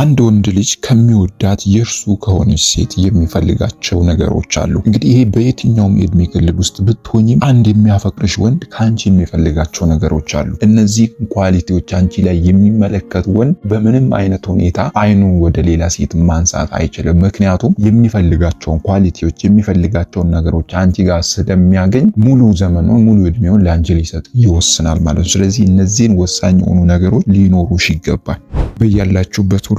አንድ ወንድ ልጅ ከሚወዳት የእርሱ ከሆነች ሴት የሚፈልጋቸው ነገሮች አሉ። እንግዲህ ይሄ በየትኛውም የእድሜ ክልል ውስጥ ብትሆኝም አንድ የሚያፈቅርሽ ወንድ ከአንቺ የሚፈልጋቸው ነገሮች አሉ። እነዚህ ኳሊቲዎች አንቺ ላይ የሚመለከት ወንድ በምንም አይነት ሁኔታ አይኑን ወደ ሌላ ሴት ማንሳት አይችልም። ምክንያቱም የሚፈልጋቸውን ኳሊቲዎች የሚፈልጋቸውን ነገሮች አንቺ ጋር ስለሚያገኝ ሙሉ ዘመኑን ሙሉ እድሜውን ለአንቺ ሊሰጥ ይወስናል ማለት ነው። ስለዚህ እነዚህን ወሳኝ የሆኑ ነገሮች ሊኖሩሽ ይገባል። በያላችሁበት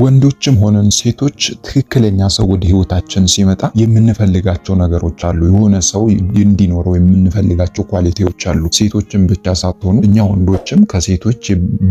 ወንዶችም ሆነን ሴቶች ትክክለኛ ሰው ወደ ህይወታችን ሲመጣ የምንፈልጋቸው ነገሮች አሉ። የሆነ ሰው እንዲኖረው የምንፈልጋቸው ኳሊቲዎች አሉ። ሴቶችም ብቻ ሳትሆኑ እኛ ወንዶችም ከሴቶች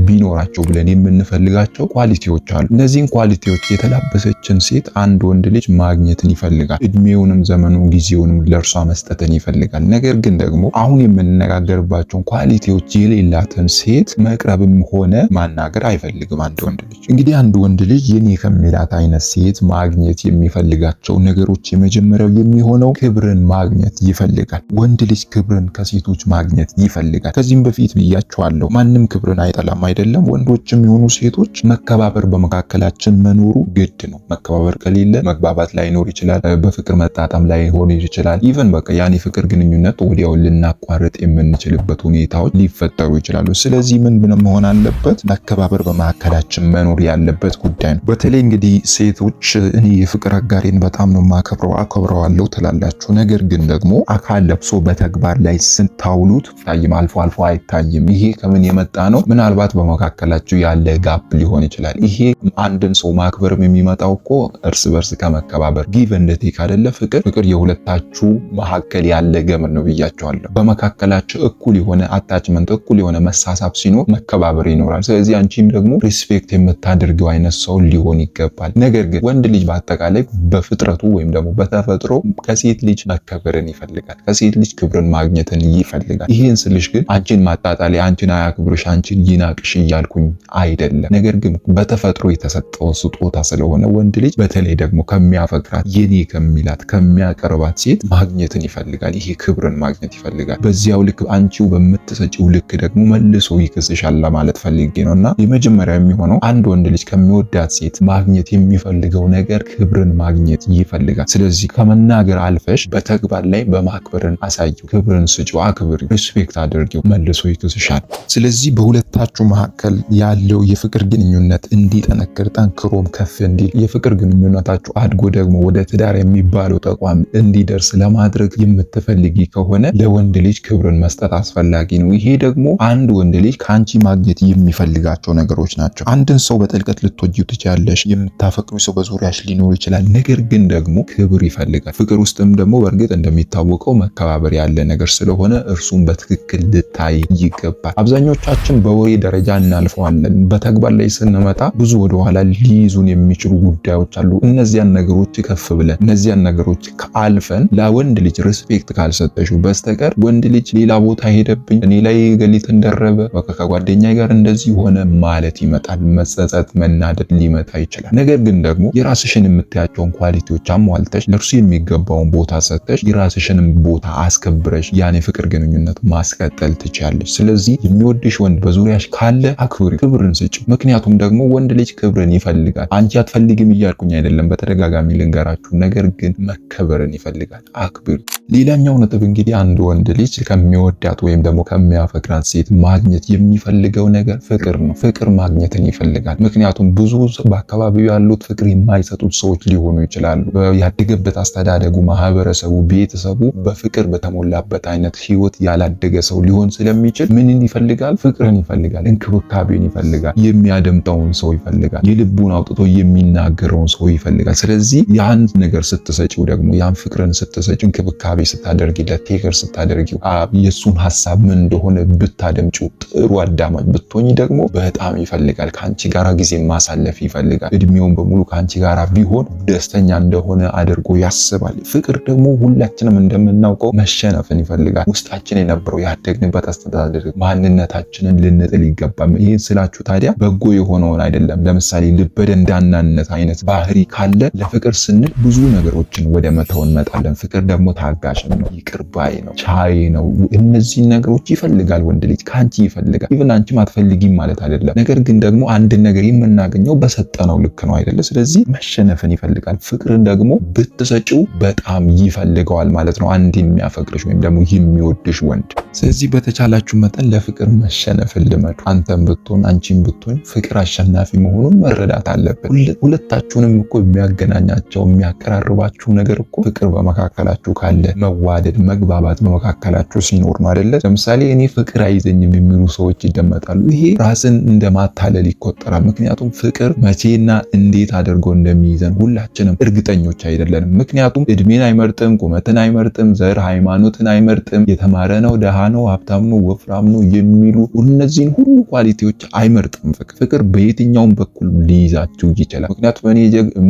ቢኖራቸው ብለን የምንፈልጋቸው ኳሊቲዎች አሉ። እነዚህን ኳሊቲዎች የተላበሰችን ሴት አንድ ወንድ ልጅ ማግኘትን ይፈልጋል። እድሜውንም፣ ዘመኑን፣ ጊዜውንም ለእርሷ መስጠትን ይፈልጋል። ነገር ግን ደግሞ አሁን የምንነጋገርባቸውን ኳሊቲዎች የሌላትን ሴት መቅረብም ሆነ ማናገር አይፈልግም አንድ ወንድ ልጅ። እንግዲህ አንድ ወንድ ልጅ የኔ ከሚላት አይነት ሴት ማግኘት የሚፈልጋቸው ነገሮች የመጀመሪያው የሚሆነው ክብርን ማግኘት ይፈልጋል። ወንድ ልጅ ክብርን ከሴቶች ማግኘት ይፈልጋል። ከዚህም በፊት ብያቸዋለሁ፣ ማንም ክብርን አይጠላም አይደለም። ወንዶችም የሆኑ ሴቶች መከባበር በመካከላችን መኖሩ ግድ ነው። መከባበር ከሌለ መግባባት ላይኖር ይችላል። በፍቅር መጣጣም ላይሆን ይችላል። ኢቨን በቃ ያኔ ፍቅር ግንኙነት ወዲያው ልናቋርጥ የምንችልበት ሁኔታዎች ሊፈጠሩ ይችላሉ። ስለዚህ ምን መሆን አለበት? መከባበር በመካከላችን መኖር ያለበት ጉዳይ ጉዳይ ነው። በተለይ እንግዲህ ሴቶች እኔ የፍቅር አጋሬን በጣም ነው ማከብረው አከብረዋለሁ ትላላችሁ። ነገር ግን ደግሞ አካል ለብሶ በተግባር ላይ ስታውሉት ታይም አልፎ አልፎ አይታይም። ይሄ ከምን የመጣ ነው? ምናልባት በመካከላችሁ ያለ ጋፕ ሊሆን ይችላል። ይሄ አንድን ሰው ማክበርም የሚመጣው እኮ እርስ በርስ ከመከባበር ጊቭ እንደቴክ አደለ ፍቅር ፍቅር የሁለታችሁ መካከል ያለ ገመድ ነው ብያቸዋለሁ። በመካከላችሁ እኩል የሆነ አታችመንት፣ እኩል የሆነ መሳሳብ ሲኖር መከባበር ይኖራል። ስለዚህ አንቺም ደግሞ ሪስፔክት የምታደርገው አይነት ሰው ሰው ሊሆን ይገባል። ነገር ግን ወንድ ልጅ በአጠቃላይ በፍጥረቱ ወይም ደግሞ በተፈጥሮ ከሴት ልጅ መከበርን ይፈልጋል። ከሴት ልጅ ክብርን ማግኘትን ይፈልጋል። ይህን ስልሽ ግን አንቺን ማጣጣሌ፣ አንቺን አያክብርሽ፣ አንቺን ይናቅሽ እያልኩኝ አይደለም። ነገር ግን በተፈጥሮ የተሰጠው ስጦታ ስለሆነ ወንድ ልጅ በተለይ ደግሞ ከሚያፈቅራት የኔ ከሚላት ከሚያቀርባት ሴት ማግኘትን ይፈልጋል። ይሄ ክብርን ማግኘት ይፈልጋል። በዚያው ልክ አንቺው በምትሰጪው ልክ ደግሞ መልሶ ይክስሻል ለማለት ፈልጌ ነው እና የመጀመሪያ የሚሆነው አንድ ወንድ ልጅ ከሚወዳ ያላት ሴት ማግኘት የሚፈልገው ነገር ክብርን ማግኘት ይፈልጋል። ስለዚህ ከመናገር አልፈሽ በተግባር ላይ በማክበርን አሳየው፣ ክብርን ስጪው፣ አክብሪው፣ ሪስፔክት አድርጊው፣ መልሶ ይክስሻል። ስለዚህ በሁለታችሁ መካከል ያለው የፍቅር ግንኙነት እንዲጠነክር ጠንክሮም ከፍ እንዲል የፍቅር ግንኙነታችሁ አድጎ ደግሞ ወደ ትዳር የሚባለው ተቋም እንዲደርስ ለማድረግ የምትፈልጊ ከሆነ ለወንድ ልጅ ክብርን መስጠት አስፈላጊ ነው። ይሄ ደግሞ አንድ ወንድ ልጅ ከአንቺ ማግኘት የሚፈልጋቸው ነገሮች ናቸው። አንድን ሰው በጥልቀት ልትወጂው ትችያለሽ። የምታፈቅሩ ሰው በዙሪያሽ ሊኖር ይችላል። ነገር ግን ደግሞ ክብር ይፈልጋል። ፍቅር ውስጥም ደግሞ በእርግጥ እንደሚታወቀው መከባበር ያለ ነገር ስለሆነ እርሱን በትክክል ልታይ ይገባል። አብዛኞቻችን በወሬ ደረጃ እናልፈዋለን። በተግባር ላይ ስንመጣ ብዙ ወደኋላ ሊይዙን የሚችሉ ጉዳዮች አሉ። እነዚያን ነገሮች ከፍ ብለን እነዚያን ነገሮች ከአልፈን ለወንድ ልጅ ሪስፔክት ካልሰጠሽው በስተቀር ወንድ ልጅ ሌላ ቦታ ሄደብኝ፣ እኔ ላይ ገሊት እንደረበ፣ ከጓደኛ ጋር እንደዚህ ሆነ ማለት ይመጣል። መጸጸት፣ መናደድ ሊመጣ ይችላል። ነገር ግን ደግሞ የራስሽን የምታያቸውን ኳሊቲዎች አሟልተሽ ለእርሱ የሚገባውን ቦታ ሰጥተሽ የራስሽንም ቦታ አስከብረሽ ያን የፍቅር ግንኙነት ማስቀጠል ትችያለሽ። ስለዚህ የሚወድሽ ወንድ በዙሪያሽ ካለ አክብሪ፣ ክብርን ስጭ። ምክንያቱም ደግሞ ወንድ ልጅ ክብርን ይፈልጋል። አንቺ አትፈልግም እያልኩኝ አይደለም፣ በተደጋጋሚ ልንገራችሁ። ነገር ግን መከበርን ይፈልጋል። አክብሪ። ሌላኛው ነጥብ እንግዲህ አንድ ወንድ ልጅ ከሚወዳት ወይም ደግሞ ከሚያፈቅራት ሴት ማግኘት የሚፈልገው ነገር ፍቅር ነው። ፍቅር ማግኘትን ይፈልጋል። ምክንያቱም ብዙ በአካባቢው ያሉት ፍቅር የማይሰጡት ሰዎች ሊሆኑ ይችላሉ። ያደገበት አስተዳደጉ፣ ማህበረሰቡ፣ ቤተሰቡ በፍቅር በተሞላበት አይነት ህይወት ያላደገ ሰው ሊሆን ስለሚችል ምንን ይፈልጋል? ፍቅርን ይፈልጋል፣ እንክብካቤን ይፈልጋል፣ የሚያደምጠውን ሰው ይፈልጋል፣ የልቡን አውጥቶ የሚናገረውን ሰው ይፈልጋል። ስለዚህ ያን ነገር ስትሰጪው ደግሞ ያን ፍቅርን ስትሰጪው፣ እንክብካቤ ስታደርጊለት፣ ቴከር ስታደርጊው፣ የእሱን ሀሳብ ምን እንደሆነ ብታደምጪው፣ ጥሩ አዳማጭ ብትሆኝ ደግሞ በጣም ይፈልጋል ከአንቺ ጋራ ጊዜ ማሳለፍ ይፈልጋል። እድሜውን በሙሉ ከአንቺ ጋር ቢሆን ደስተኛ እንደሆነ አድርጎ ያስባል። ፍቅር ደግሞ ሁላችንም እንደምናውቀው መሸነፍን ይፈልጋል። ውስጣችን የነበረው ያደግንበት አስተዳደር ማንነታችንን ልንጥል ይገባም። ይህን ስላችሁ ታዲያ በጎ የሆነውን አይደለም። ለምሳሌ ልበደንዳናነት አይነት ባህሪ ካለ ለፍቅር ስንል ብዙ ነገሮችን ወደ መተው እንመጣለን። ፍቅር ደግሞ ታጋሽ ነው፣ ይቅርባይ ነው፣ ቻይ ነው። እነዚህን ነገሮች ይፈልጋል ወንድ ልጅ ከአንቺ ይፈልጋል። ኢቨን አንቺም አትፈልጊም ማለት አይደለም። ነገር ግን ደግሞ አንድን ነገር የምናገኘው በ በሰጠነው ልክ ነው አይደለ? ስለዚህ መሸነፍን ይፈልጋል። ፍቅርን ደግሞ ብትሰጪው በጣም ይፈልገዋል ማለት ነው። አንድ የሚያፈቅርሽ ወይም ደግሞ የሚወድሽ ወንድ። ስለዚህ በተቻላችሁ መጠን ለፍቅር መሸነፍን ልመዱ። አንተም ብትሆን አንቺም ብትሆን ፍቅር አሸናፊ መሆኑን መረዳት አለብን። ሁለታችሁንም እኮ የሚያገናኛቸው የሚያቀራርባችሁ ነገር እኮ ፍቅር በመካከላችሁ ካለ መዋደድ፣ መግባባት በመካከላችሁ ሲኖር ነው አይደለ? ለምሳሌ እኔ ፍቅር አይዘኝም የሚሉ ሰዎች ይደመጣሉ። ይሄ ራስን እንደማታለል ይቆጠራል። ምክንያቱም ፍቅር መቼና እንዴት አድርጎ እንደሚይዘን ሁላችንም እርግጠኞች አይደለንም። ምክንያቱም እድሜን አይመርጥም፣ ቁመትን አይመርጥም፣ ዘር ሃይማኖትን አይመርጥም፣ የተማረ ነው፣ ደሃ ነው፣ ሀብታም ነው፣ ወፍራም ነው የሚሉ እነዚህን ሁሉ ኳሊቲዎች አይመርጥም። ፍቅር ፍቅር በየትኛውም በኩል ሊይዛችሁ ይችላል። ምክንያቱም እኔ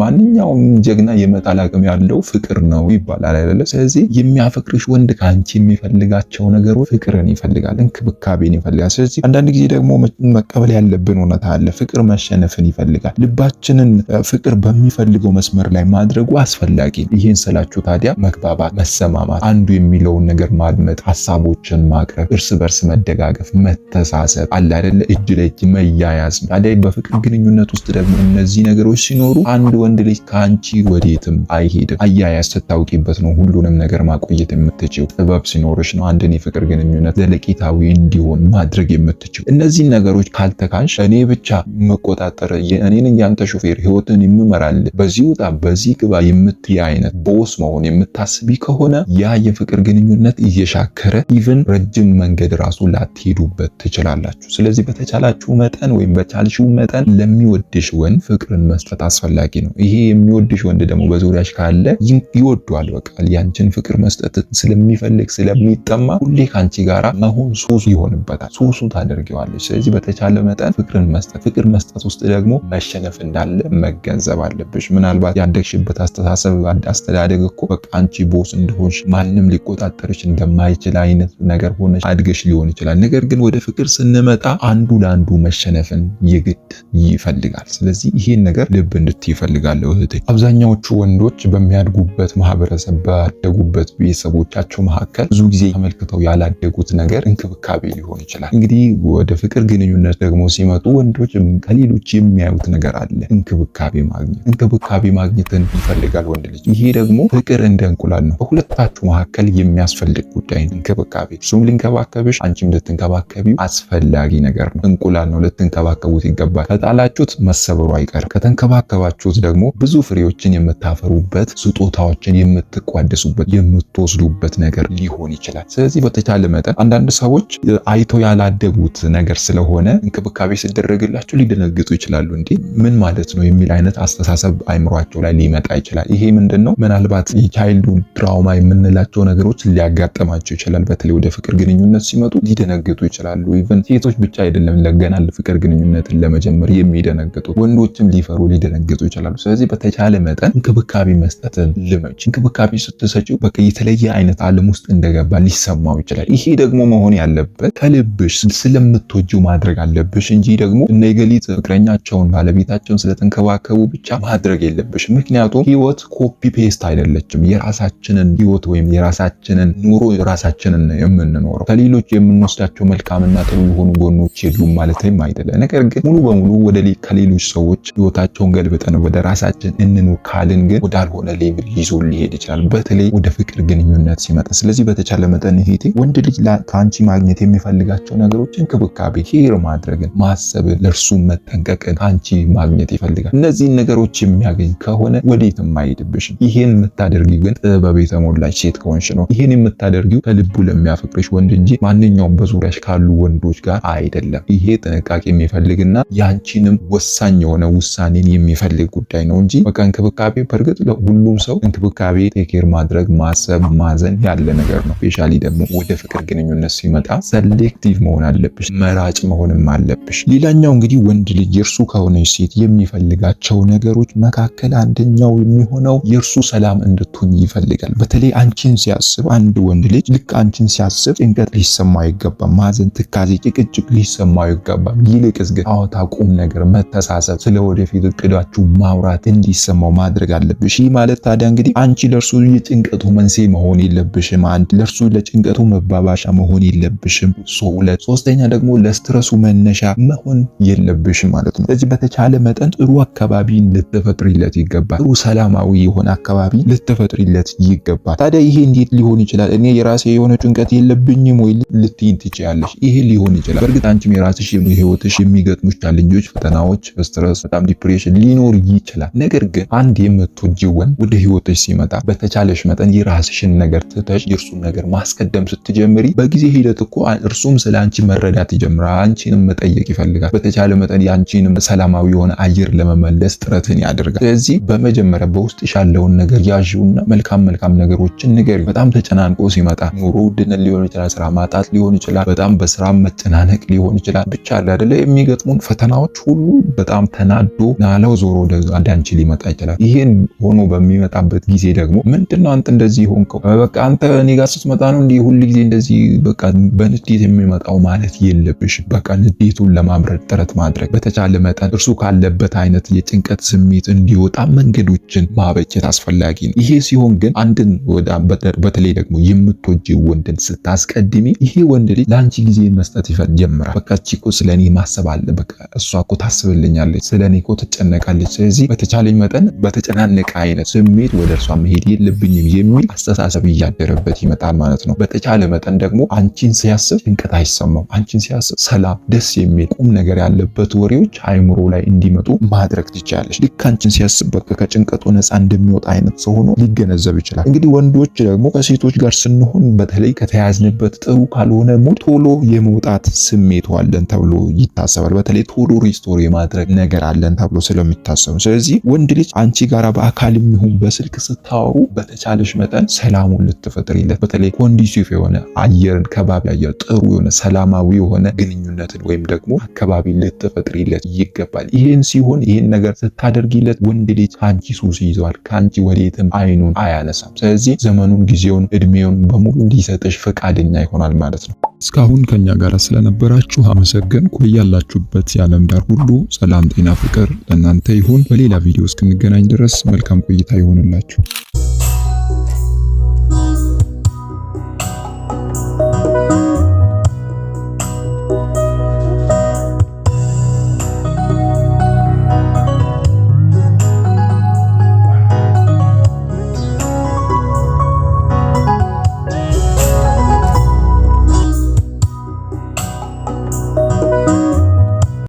ማንኛውም ጀግና የመጣል አቅም ያለው ፍቅር ነው ይባላል አይደለ? ስለዚህ የሚያፈቅርሽ ወንድ ከአንቺ የሚፈልጋቸው ነገሮች ፍቅርን ይፈልጋል፣ እንክብካቤን ይፈልጋል። ስለዚህ አንዳንድ ጊዜ ደግሞ መቀበል ያለብን እውነታ አለ። ፍቅር መሸነፍን ይፈልጋል። ያስፈልጋል። ልባችንን ፍቅር በሚፈልገው መስመር ላይ ማድረጉ አስፈላጊ ነው። ይህን ስላችሁ ታዲያ መግባባት፣ መሰማማት፣ አንዱ የሚለውን ነገር ማድመጥ፣ ሀሳቦችን ማቅረብ፣ እርስ በርስ መደጋገፍ፣ መተሳሰብ አለ አይደለ? እጅ ለእጅ መያያዝ። ታዲያ በፍቅር ግንኙነት ውስጥ ደግሞ እነዚህ ነገሮች ሲኖሩ አንድ ወንድ ልጅ ከአንቺ ወዴትም አይሄድም። አያያዝ ስታውቂበት ነው ሁሉንም ነገር ማቆየት የምትችው። ጥበብ ሲኖርሽ ነው አንድን የፍቅር ግንኙነት ዘለቂታዊ እንዲሆን ማድረግ የምትችው። እነዚህን ነገሮች ካልተካንሽ እኔ ብቻ መቆጣጠር እኔ ነኝ ያንተ ሾፌር፣ ህይወትን የምመራል፣ በዚህ ውጣ፣ በዚህ ግባ የምትይ አይነት ቦስ መሆን የምታስቢ ከሆነ ያ የፍቅር ግንኙነት እየሻከረ ኢቭን ረጅም መንገድ ራሱ ላትሄዱበት ትችላላችሁ። ስለዚህ በተቻላችሁ መጠን ወይም በቻልሽው መጠን ለሚወድሽ ወንድ ፍቅርን መስጠት አስፈላጊ ነው። ይሄ የሚወድሽ ወንድ ደግሞ በዙሪያሽ ካለ ይወዷል። በቃ ያንቺን ፍቅር መስጠት ስለሚፈልግ ስለሚጠማ ሁሌ ከአንቺ ጋራ መሆን ሱሱ ይሆንበታል። ሱሱ ታደርጊዋለች። ስለዚህ በተቻለ መጠን ፍቅርን መስጠት ፍቅር መስጠት ውስጥ ደግሞ መሸነፍ እንዳለ መገንዘብ አለብሽ። ምናልባት ያደግሽበት አስተሳሰብ አስተዳደግ እኮ በቃ አንቺ ቦስ እንደሆንሽ ማንም ሊቆጣጠርሽ እንደማይችል አይነት ነገር ሆነሽ አድገሽ ሊሆን ይችላል። ነገር ግን ወደ ፍቅር ስንመጣ አንዱ ለአንዱ መሸነፍን የግድ ይፈልጋል። ስለዚህ ይሄን ነገር ልብ እንድት ይፈልጋለሁ እህቴ። አብዛኛዎቹ ወንዶች በሚያድጉበት ማህበረሰብ ባደጉበት ቤተሰቦቻቸው መካከል ብዙ ጊዜ ተመልክተው ያላደጉት ነገር እንክብካቤ ሊሆን ይችላል። እንግዲህ ወደ ፍቅር ግንኙነት ደግሞ ሲመጡ ወንዶች ከሌሎች የሚያዩት የሚያስፈልጋት ነገር አለ። እንክብካቤ ማግኘት እንክብካቤ ማግኘትን ይፈልጋል ወንድ ልጅ። ይሄ ደግሞ ፍቅር እንደ እንቁላል ነው። በሁለታችሁ መካከል የሚያስፈልግ ጉዳይ እንክብካቤ። እሱም ሊንከባከብሽ፣ አንቺም ልትንከባከቢው አስፈላጊ ነገር ነው። እንቁላል ነው፣ ልትንከባከቡት ይገባል። ከጣላችሁት መሰበሩ አይቀርም። ከተንከባከባችሁት ደግሞ ብዙ ፍሬዎችን የምታፈሩበት፣ ስጦታዎችን የምትቋደሱበት፣ የምትወስዱበት ነገር ሊሆን ይችላል። ስለዚህ በተቻለ መጠን አንዳንድ ሰዎች አይተው ያላደጉት ነገር ስለሆነ እንክብካቤ ሲደረግላቸው ሊደነግጡ ይችላሉ። እንዲ እንግዲህ ምን ማለት ነው የሚል አይነት አስተሳሰብ አይምሯቸው ላይ ሊመጣ ይችላል። ይሄ ምንድን ነው ምናልባት የቻይልዱ ትራውማ የምንላቸው ነገሮች ሊያጋጥማቸው ይችላል። በተለይ ወደ ፍቅር ግንኙነት ሲመጡ ሊደነግጡ ይችላሉ። ኢቨን ሴቶች ብቻ አይደለም ለገና ፍቅር ግንኙነትን ለመጀመር የሚደነግጡ ወንዶችም ሊፈሩ ሊደነግጡ ይችላሉ። ስለዚህ በተቻለ መጠን እንክብካቤ መስጠትን ልመች። እንክብካቤ ስትሰጪው በ የተለየ አይነት አለም ውስጥ እንደገባ ሊሰማው ይችላል። ይሄ ደግሞ መሆን ያለበት ከልብሽ ስለምትወጂው ማድረግ አለብሽ እንጂ ደግሞ እነ የገሊት ፍቅረኛቸውን ባለ ባለቤታቸውን ስለተንከባከቡ ብቻ ማድረግ የለብሽም። ምክንያቱም ህይወት ኮፒ ፔስት አይደለችም። የራሳችንን ህይወት ወይም የራሳችንን ኑሮ ራሳችንን የምንኖረው ከሌሎች የምንወስዳቸው መልካምና ጥሩ የሆኑ ጎኖች የሉም ማለትም አይደለም። ነገር ግን ሙሉ በሙሉ ወደ ከሌሎች ሰዎች ህይወታቸውን ገልብጠን ወደ ራሳችን እንኑር ካልን ግን ወዳልሆነ ሌብል ይዞ ሊሄድ ይችላል፣ በተለይ ወደ ፍቅር ግንኙነት ሲመጣ። ስለዚህ በተቻለ መጠን ሄቴ ወንድ ልጅ ከአንቺ ማግኘት የሚፈልጋቸው ነገሮች እንክብካቤ፣ ሄር ማድረግን፣ ማሰብን፣ ለእርሱ መጠንቀቅን ከአንቺ ማግኘት ይፈልጋል። እነዚህን ነገሮች የሚያገኝ ከሆነ ወዴትም አይሄድብሽም። ይሄን የምታደርጊው ግን ጥበብ የተሞላች ሴት ከሆንሽ ነው። ይሄን የምታደርጊው ከልቡ ለሚያፈቅርሽ ወንድ እንጂ ማንኛውም በዙሪያሽ ካሉ ወንዶች ጋር አይደለም። ይሄ ጥንቃቄ የሚፈልግና ያንቺንም ወሳኝ የሆነ ውሳኔን የሚፈልግ ጉዳይ ነው እንጂ በቃ እንክብካቤ በእርግጥ ለሁሉም ሰው እንክብካቤ ቴኬር ማድረግ ማሰብ ማዘን ያለ ነገር ነው። ስፔሻሊ ደግሞ ወደ ፍቅር ግንኙነት ሲመጣ ሰሌክቲቭ መሆን አለብሽ፣ መራጭ መሆንም አለብሽ። ሌላኛው እንግዲህ ወንድ ልጅ እርሱ ከሆነ የሆነች ሴት የሚፈልጋቸው ነገሮች መካከል አንደኛው የሚሆነው የእርሱ ሰላም እንድትሆኝ ይፈልጋል። በተለይ አንቺን ሲያስብ አንድ ወንድ ልጅ ልክ አንቺን ሲያስብ ጭንቀት ሊሰማ አይገባም። ማዘን፣ ትካዜ፣ ጭቅጭቅ ሊሰማ አይገባም። ይልቅስ ግን አዎንታ፣ ቁም ነገር፣ መተሳሰብ፣ ስለ ወደፊት እቅዳችሁ ማውራት እንዲሰማው ማድረግ አለብሽ። ይህ ማለት ታዲያ እንግዲህ አንቺ ለእርሱ የጭንቀቱ መንስኤ መሆን የለብሽም። አንድ ለእርሱ ለጭንቀቱ መባባሻ መሆን የለብሽም። ሁለት ሶስተኛ ደግሞ ለስትረሱ መነሻ መሆን የለብሽም ማለት ነው። በተቻለ መጠን ጥሩ አካባቢን ልትፈጥሪለት ይገባል። ጥሩ ሰላማዊ የሆነ አካባቢ ልትፈጥሪለት ይገባል። ታዲያ ይሄ እንዴት ሊሆን ይችላል? እኔ የራሴ የሆነ ጭንቀት የለብኝም ወይ ልትይ ትችላለሽ። ይሄ ሊሆን ይችላል። በእርግጥ አንቺም የራስሽ ህይወትሽ የሚገጥሙሽ ቻሌንጆች፣ ፈተናዎች፣ ስትረስ፣ በጣም ዲፕሬሽን ሊኖር ይችላል። ነገር ግን አንድ የምትወጂው ወንድ ወደ ህይወትሽ ሲመጣ በተቻለሽ መጠን የራስሽን ነገር ትተሽ የእርሱን ነገር ማስቀደም ስትጀምሪ በጊዜ ሂደት እኮ እርሱም ስለ አንቺ መረዳት ይጀምራል። አንቺንም መጠየቅ ይፈልጋል። በተቻለ መጠን የአንቺንም ሰላም ሰላማዊ የሆነ አየር ለመመለስ ጥረትን ያደርጋል። ስለዚህ በመጀመሪያ በውስጥሽ ያለውን ነገር ያዥውና መልካም መልካም ነገሮችን ንገሪ። በጣም ተጨናንቆ ሲመጣ ኑሮ ውድነት ሊሆን ይችላል፣ ስራ ማጣት ሊሆን ይችላል፣ በጣም በስራ መጨናነቅ ሊሆን ይችላል። ብቻ አለ አይደለ የሚገጥሙን ፈተናዎች ሁሉ በጣም ተናዶ ናለው ዞሮ ወደ አንቺ ሊመጣ ይችላል። ይህን ሆኖ በሚመጣበት ጊዜ ደግሞ ምንድነው አንተ እንደዚህ ሆንከው፣ በቃ አንተ እኔ ጋር ስትመጣ ነው እንዲህ ሁል ጊዜ እንደዚህ በቃ በንዴት የሚመጣው ማለት የለብሽ። በቃ ንዴቱን ለማምረድ ጥረት ማድረግ በተቻለ መጠን እርሱ ካለበት አይነት የጭንቀት ስሜት እንዲወጣ መንገዶችን ማበጀት አስፈላጊ ነው። ይሄ ሲሆን ግን አንድን በተለይ ደግሞ የምትወጂ ወንድን ስታስቀድሚ ይሄ ወንድ ልጅ ለአንቺ ጊዜ መስጠት ይጀምራል። በቃ እቺ እኮ ስለኔ ማሰብ አለ፣ በቃ እሷ እኮ ታስብልኛለች፣ ስለኔ እኮ ትጨነቃለች። ስለዚህ በተቻለኝ መጠን በተጨናነቀ አይነት ስሜት ወደ እርሷ መሄድ የለብኝም የሚል አስተሳሰብ እያደረበት ይመጣል ማለት ነው። በተቻለ መጠን ደግሞ አንቺን ሲያስብ ጭንቀት አይሰማም። አንቺን ሲያስብ ሰላም፣ ደስ የሚል ቁም ነገር ያለበት ወሬዎች አይምሮ ላይ ላይ እንዲመጡ ማድረግ ትችላለች። ልክ አንቺን ሲያስብ በቃ ከጭንቀቱ ነፃ እንደሚወጣ አይነት ሰው ሆኖ ሊገነዘብ ይችላል። እንግዲህ ወንዶች ደግሞ ከሴቶች ጋር ስንሆን በተለይ ከተያዝንበት ጥሩ ካልሆነ ሙድ ቶሎ የመውጣት ስሜት አለን ተብሎ ይታሰባል። በተለይ ቶሎ ሪስቶር የማድረግ ነገር አለን ተብሎ ስለሚታሰብ፣ ስለዚህ ወንድ ልጅ አንቺ ጋራ በአካል የሚሆን በስልክ ስታወሩ በተቻለሽ መጠን ሰላሙን ልትፈጥሪለት በተለይ ኮንዲሲቭ የሆነ አየርን ከባቢ አየር ጥሩ የሆነ ሰላማዊ የሆነ ግንኙነትን ወይም ደግሞ አካባቢ ልትፈጥሪለት ይገባል። ይላል። ይህን ሲሆን ይህን ነገር ስታደርጊለት ወንድ ልጅ ከአንቺ ሱስ ይዘዋል፣ ከአንቺ ወዴትም አይኑን አያነሳም። ስለዚህ ዘመኑን፣ ጊዜውን፣ እድሜውን በሙሉ እንዲሰጥሽ ፈቃደኛ ይሆናል ማለት ነው። እስካሁን ከኛ ጋር ስለነበራችሁ አመሰግን ያላችሁበት የዓለም ዳር ሁሉ ሰላም፣ ጤና፣ ፍቅር ለእናንተ ይሁን። በሌላ ቪዲዮ እስክንገናኝ ድረስ መልካም ቆይታ ይሆንላችሁ።